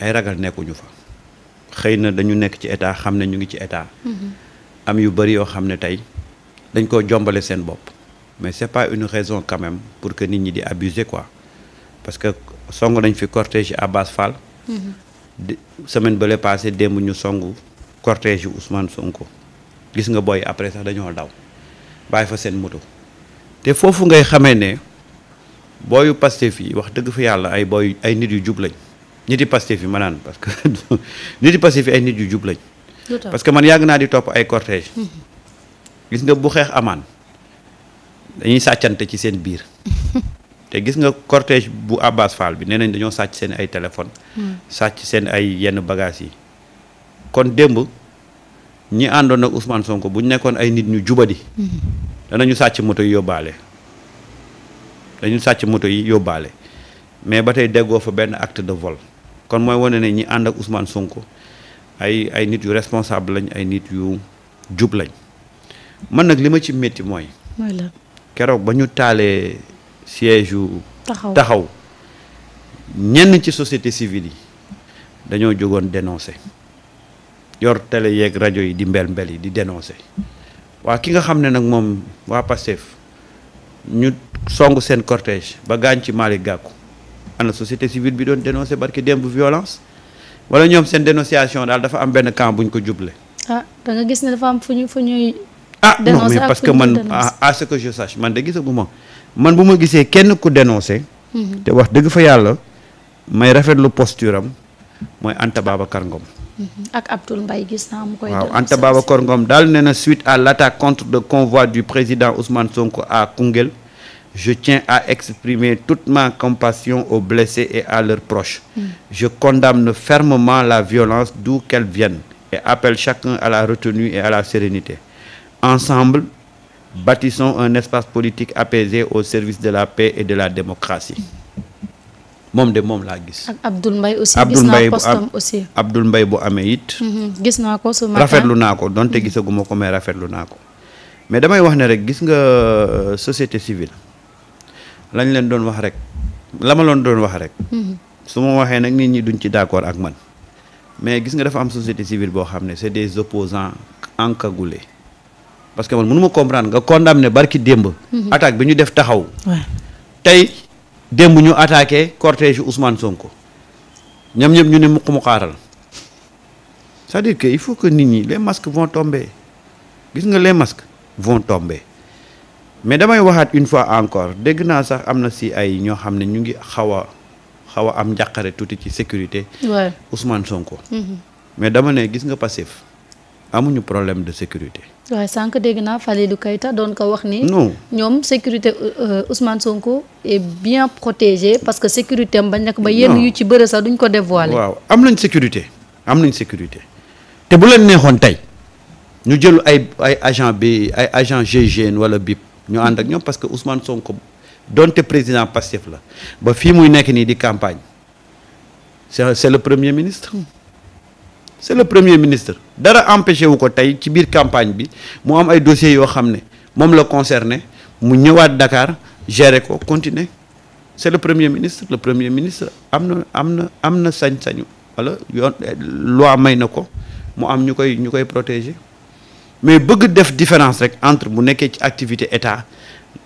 ay ragal nekkuñu fa xëy na dañu nekk ci état xam ne ñu ngi ci état mm-hmm. am yu bëri yoo xam ne tey dañ koo jombale seen bopp mais c'est pas une raison quand pour que nit ñi di abuser quoi parce que song nañ fi cortège Abbas Fall mm-hmm. semaine ba le passé démb ñu songu cortège yu Ousmane Sonko gis nga boy après sax dañoo daw bàyyi fa seen moto te foofu ngay xame ne booyu Pastef yi wax dëgg fi yàlla ay booy ay nit yu jub lañ nit yi Pastef manaan ma naan parce que nit yi Pastef ay nit yu jub lañ. parce que man yàgg naa di topp ay cortège mhm. gis nga bu xeex amaan dañuy sàccante ci seen biir. te gis nga cortège bu Abbas Fall bi nee nañ dañoo sàcc seen ay téléphone mhm. sàcc seen ay yenn bagages yi. kon démb ñi àndoon ak Ousmane Sonko bu ñu nekkoon ay nit ñu jubadi. Mhm. danañu sàcc moto yi yóbbaale. dañu sàcc moto yi yóbbaale mais ba tey déggoo fa benn acte de vol. kon mooy wane nañ ñi ànd ak Ousmane Sonko ay ay nit yu responsable lañ ay nit yu jub lañ man nag lima ci métti mooy. keroog ba ñu taalee siège yu. taxaw taxaw ñenn ci société civile yi dañoo jógoon dénoncer yor télé yeeg rajo yi di mbel mbel yi di dénoncer waa ki nga xam ne nag moom waa Pastef ñu song seen cortége ba gaañ ci Malick gàkku ana société civile bi doon dénoncé barki démb violence wala ñoom seen dénonciation daal dafa am benn camp bu ñu ko juble ah da nga gis ne dafa am fu ñu fu ñuy. ah parce que man à ce man de gisagu ma man bu ma gisee kenn ku dénoncé. Mhm. te wax dëgg fa yàlla may rafetlu posture am mooy Anta Babacar Ngom. Mhm. ak Abdoul Mbaye gis naa mu koy. waaw Anta Babacar Ngom daal nee na suite à l' contre le convoi du président Ousmane Sonko à Koungheul. Je tiens à exprimer toute ma compassion aux blessés et à leurs proches. Mmh. Je condamne fermement la violence d'où qu'elle vienne et appelle chacun à la retenue et à la sérénité. Ensemble, bâtissons un espace politique apaisé au service de la paix et de la démocratie. moom de moom laa gis. ak Abdoul Mbaye aussi gis naa postam aussi Abdoul Mbaye bu amee it. Mm-hmm. gis naa ko su ma rafetlu naa ko donte mm-hmm. gisaguma ko mais rafetlu naa ko mais damay wax ne rek gis nga euh, société civile. lañ leen doon wax rek la ma loon doon wax rek. Mm-hmm. su ma waxee nag nit ñi duñ ci d'accord ak man mais gis nga dafa am société civile boo xam ne c'est des opposants encagoulés parce que man mënu ma comprendre nga condamné barki démb. Mm-hmm. attaque bi ñu def taxaw. tey démb ñu attaqué cortège yu Ousmane Sonko ñam ñëpp ñu ne muq mu xaaral cest à que il faut que nit ñi les masques vont tomber gis nga les masques vont tomber. mais damay waxaat une fois encore dégg naa sax am na si ay ñoo xam ne ñu ngi xaw a xaw a am njaqare tuuti ci sécurité. Ouais. Ousmane Sonko. Mm-hmm. mais dama ne gis nga passif amuñu problème de sécurité. waaw sànq dégg naa Falilou Keita doon ko wax ni. non ñoom sécurité euh, Ousmane Sonko est bien protégé parce que sécurité am bañ nak ba yenn yu ci bëre sax duñ ko dévoiler. waaw am nañ sécurité am nañ sécurité te bu leen neexoon tey ñu jël ay ay agent bi ay agent GIGN wala BIP. ñu ànd ak ñoom parce que son Sonko donte président Pastef la ba fii muy nekk nii di campagne c'est c'est le premier ministre c'est le premier ministre dara empêché wu ko tey ci biir campagne bi mu am ay dossiers yoo xam ne moom la concerné mu ñëwaat Dakar gérer ko continuer c'est le premier ministre le premier ministre am na am na am na sañ-sañu wala yoon loi may na ko mu am ñu koy ñu koy protéger mais bëgg def différence rek entre bu nekkee ci activité état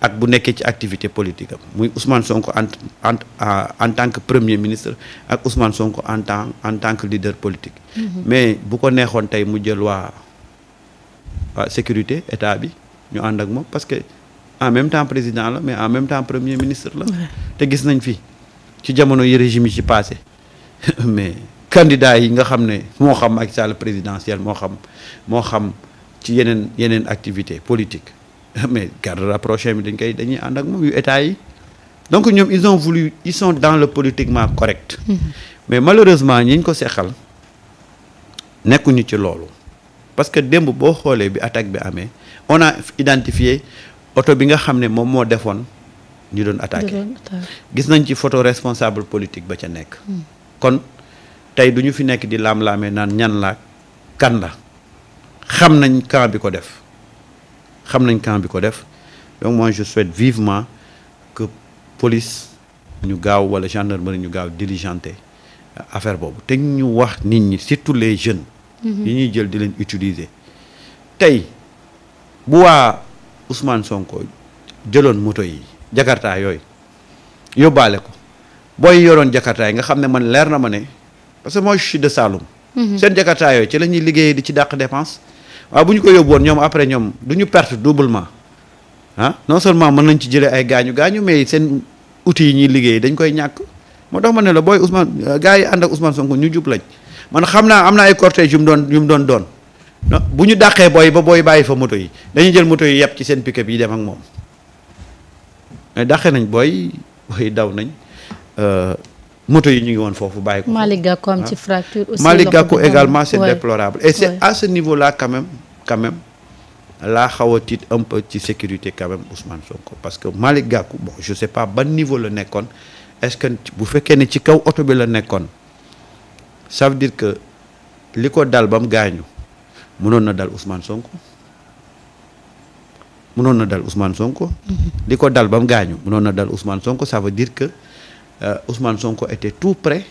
ak bu nekkee ci activité politique am muy Ousmane Sonko en en en tant que premier ministre ak Ousmane Sonko en tant en tant que leader politique. Mm-hmm. mais bu ko neexoon tey mu jël waa sécurité état bi ñu ànd ak moom parce que en même temps président la mais en même temps premier ministre la. te gis nañ fi ci jamono yi régime yi ci passé mais candidat yi nga xam ne moo xam Macky Sall présidentiel moo xam moo xam. ci yeneen yeneen activité politique mais garde rapproché bi dañ koy dañuy ànd ak moom yu état yi donc ñoom ils ont voulu ils dans le politiquement correct mmh. mais malheureusement ñi ñu ko seexal nekkuñu ci loolu parce que démb boo xoolee bi attaque bi amee on a identifié oto bi nga xam ne moom moo defoon ñu doon attaqué gis nañ ci photo responsable politique ba ca nekk mm. kon tey du ñu fi nekk di laam laame naan ñan laa kan la xam nañ camp bi ko def xam nañ camp bi ko def donc moi je souhaite vivement que police ñu gaaw wala gendarmerie ñu gaaw diligenté affaire boobu te ñu wax nit ñi surtout les jeunes mm-hmm. yi ñuy jël di leen utiliser tey bu waa Ousmane Sonko jëloon moto yi jakartaa yooyu yóbbaale ko booy yoroon jakartaa yi nga xam ne man leer na ma ne parce que moi je Saloum mm-hmm. seen jakartaa yooyu ci la liggéeyee di ci dàq dépense waaw bu ñu ko yóbbu woon ñoom après ñoom du ñu perte doublement ah non seulement mën nañ ci jëlee ay gaañu gaañu mais seen outils yi ñuy liggéey dañ koy ñàkk moo tax ma ne la booy Ousmane gars yi ànd ak Ousmane Sonko ñu jub lañ man xam naa am na ay cortège yu mu doon yu mu doon doon bu ñu dàqee booy ba booy bàyyi fa moto yi dañuy jël moto yi yeb ci seen pick-up yi dem ak moom mais nañ booy booy daw nañ euh, moto yi ñu ngi woon foofu bàyyi ko. Malick Gakou am ci ah. fracture aussi. également c'est déplorable à ce niveau là quand quand même laa xaw a tiit un peu ci sécurité quand même Ousmane Sonko parce que Malick Gakou bon je sais pas ban niveau la nekkoon est-ce que bu fekkee ne ci kaw oto bi la nekkoon ça dire que li ko dal ba mu gaañu mënoon na dal Ousmane Sonko mënoon na dal Ousmane Sonko. Mm-hmm. li ko dal ba mu gaañu mënoon na dal Ousmane Sonko ça veut dire que euh, Sonko était tout prêt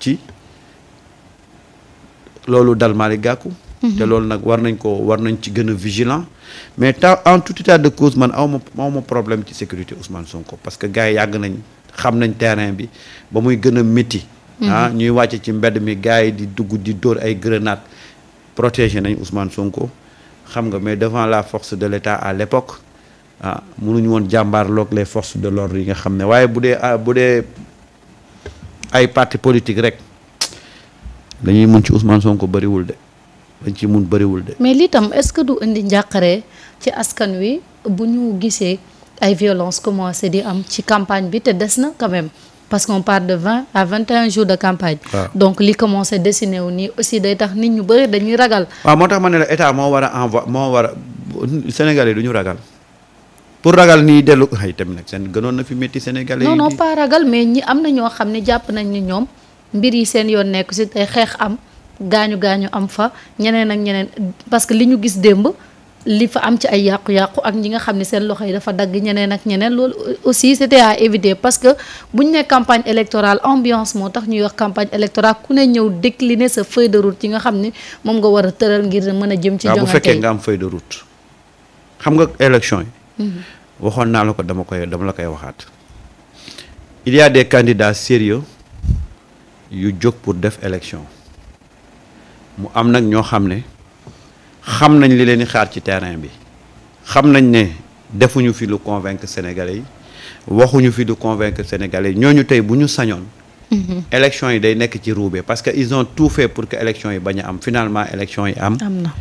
ci loolu dal Malick Gakou te mhm. loolu nag war nañ ko war nañ ci gën a vigilant mais ta en tout état de cause man aw ma aw ma problème ci sécurité Ousmane Sonko parce que gars yi yàgg nañ xam nañ terrain bi ba muy gën a métti mhm. ah ñuy wàcce ci mbedd mi gars yi di dugg di dóor ay grenade protégé nañ Ousmane Sonko xam nga mais devant la force de l'État à l'époque ah mënuñu woon jàmbaarloog les force de l'ordre yi nga xam ne waaye bu dee ah, bu dee ay parti politique rek lañuy mën ci Ousmane Sonko bëriwul de dañ ci mun bëriwul de. mais li tam est-ce que du indi njàqare ci askan wi bu ñu gisee ay violence commencé di am ci campagne bi te des na quand même parce qu'on parle de vingt à vingt et un de campagne. Ah. donc li commencé dessiné wu nii aussi day tax nit ñu bëri dañuy ragal. waaw ah, moo tax ma ne la état moo war a envoie moo war a Sénégalais du ñu ragal. pour ragal nii dellu ay tamit nag seen gënoon na fi métti sénégalais yi. non non ragal mais ñi am na ñoo xam ne jàpp nañ ni ñoom mbir yi seen yoon nekk si tey xeex am. gaañu gaañu am fa ñeneen ak ñeneen parce que li ñu gis démb li fa am ci ay yàqu-yàqu ak ñi nga xam ne seen loxo yi dafa dagg ñeneen ak ñeneen loolu aussi c'était à éviter parce que buñ ne campagne électorale ambiance moo tax ñuy wax campagne électorale ku ne ñëw décliner sa feuille de route yi nga xam ni moom nga war a tëral ngir mën a jëm ci jongante yi bu fekkee nga am feuille de route xam nga élection yi mhm. waxoon naa la ko dama koy dama la koy waxaat il des candidats sérieux yu jóg def élection mu am nag ñoo xam ne xam nañ li leen di xaar ci terrain bi xam nañ ne defuñu fi lu convaincre sénégalais yi waxuñu fi lu convaincre sénégalais yi ñu tey bu ñu sañoon. Mhm. élection yi day nekk ci ruube parce que ils ont tout fait pour que élection yi bañ am finalement élection yi am. am na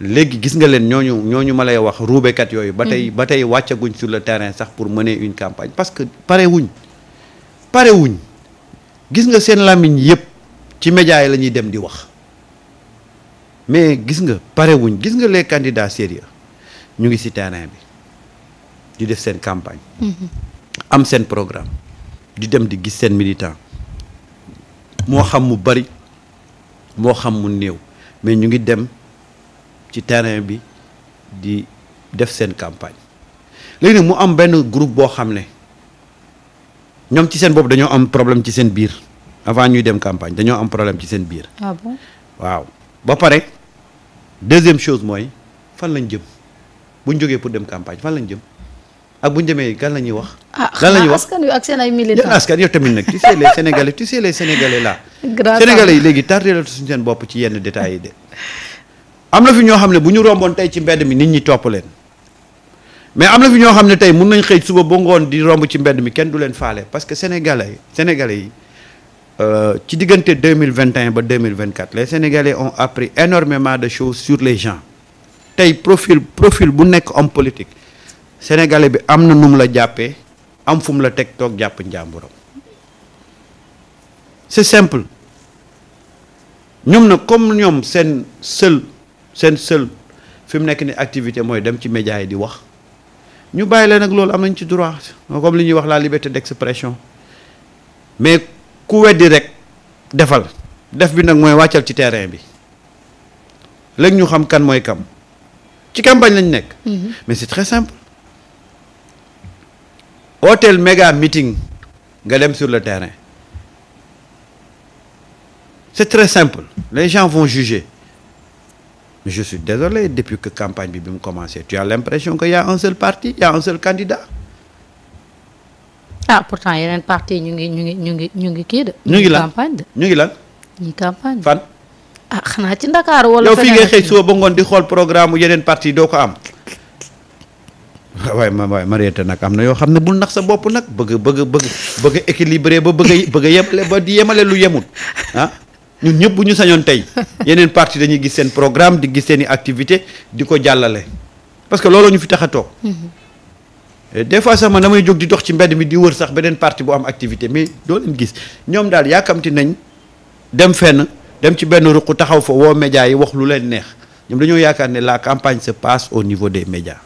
léegi gis nga leen ñoo ñoo ñu ma lay wax ruubekat yooyu. ba tey mhm. ba tey wàccaguñ sur le terrain sax pour mëne une campagne parce que pare wuñ gis nga seen làmmiñ yëpp ci médias yi la ñuy dem di wax. mais gis nga pare gis nga les candidats sérieux ñu ngi ci terrain bi di def seen campagne. Mm-hmm. am seen programme di dem di gis seen militant moo xam mu bari moo xam mu néew mais ñu ngi dem ci terrain bi di def seen campagne léegi nag mu am benn groupe boo xam ne ñoom ci seen bopp dañoo am problème ci seen biir avant ñuy dem campagne dañoo am problème ci seen biir. Ah waaw ba pare. deuxième chose mooy fan lañ jëm bu ñu jógee pour dem campagne fan lañ jëm ak bu ñu demee gan la ñuy wax. Ah, lan la ñuy wax askan wi ak askan yow tamit nag tu sais les sénégalais tu sais les sénégalais yi léegi tardé la suñ seen bopp ci yenn détails yi de. am na fi ñoo xam ne bu ñu romboon tey ci mbedd mi nit ñi topp leen mais am na fi ñoo xam ne tey mun nañ xëy suba ba ngoon di romb ci mbedd mi kenn du leen faale parce que sénégalais sénégalais yi. Euh, ci diggante deux mille vingt et ba deux mille vingt quatre les sénégalais ont appris énormément de choses sur les gens tey profil profil bu nekk homme politique sénégalais bi am na nu mu la jàppee am fu mu la teg toog jàpp njàmburam c'est simple ñoom nag comme ñoom seen seul seen seul fi mu nekk ni activité mooy dem ci médias yi di wax ñu bàyyi leen nag loolu am nañ ci droit comme li ñuy wax la liberté d'expression mais ku weddi rek defal def bi nag mooy wàccal ci terrain bi léegi ñu xam kan mooy kam ci campagne lañ nekk. Mhm. mais c'est très simple. hôtel méga meeting nga dem sur le terrain c'est très simple les gens vont juger mais je suis désolé depuis que campagne bi bi mu commencé tu as l'impression que y un seul parti y un seul candidat. ah pourtant yeneen parti ñu ngi ñu ngi ñu ngi ñu ngi kii de. ñu ngi lan campagne de ñu ngi lan. ñu campagne fan. ah xanaa ci Dakar wala. yow fii ngay xëy suba ba ngoon di xool programme yeneen parti doo ko am. waaye ma waaye Mariette nag am na yoo xam ne bul nax sa bopp nag bëgg bëgg bëgg bëgg a équilibré ba bëgg bëgg a yemale ba di yemale lu yemut ah ñun ñëpp bu ñu sañoon tey yeneen partie dañuy gis seen programme di gis seen activité di ko jàllale parce que loolu ñu fi tax a toog. Mm-hmm. Euh, des fois ma man damay jóg di dox ci mbedd mi di wër sax beneen parti bu am activité mais doo leen gis ñoom daal yaakamti nañ dem fenn dem ci benn ruq taxaw fa woo médias yi wax lu leen neex ñoom dañoo yaakaar ne la campagne se passe au niveau des médias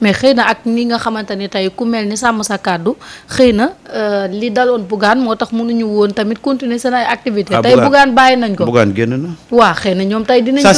mais xëy na ak ni nga xamante ni tey ku mel ni sàmm sa kàddu xëy na euh, li daloon Bougane moo tax mënuñu woon tamit continuer seen ay activité ah, tey Bougane bàyyi nañ ko Bougane génn na waaw xëy na ñoom tey dinañ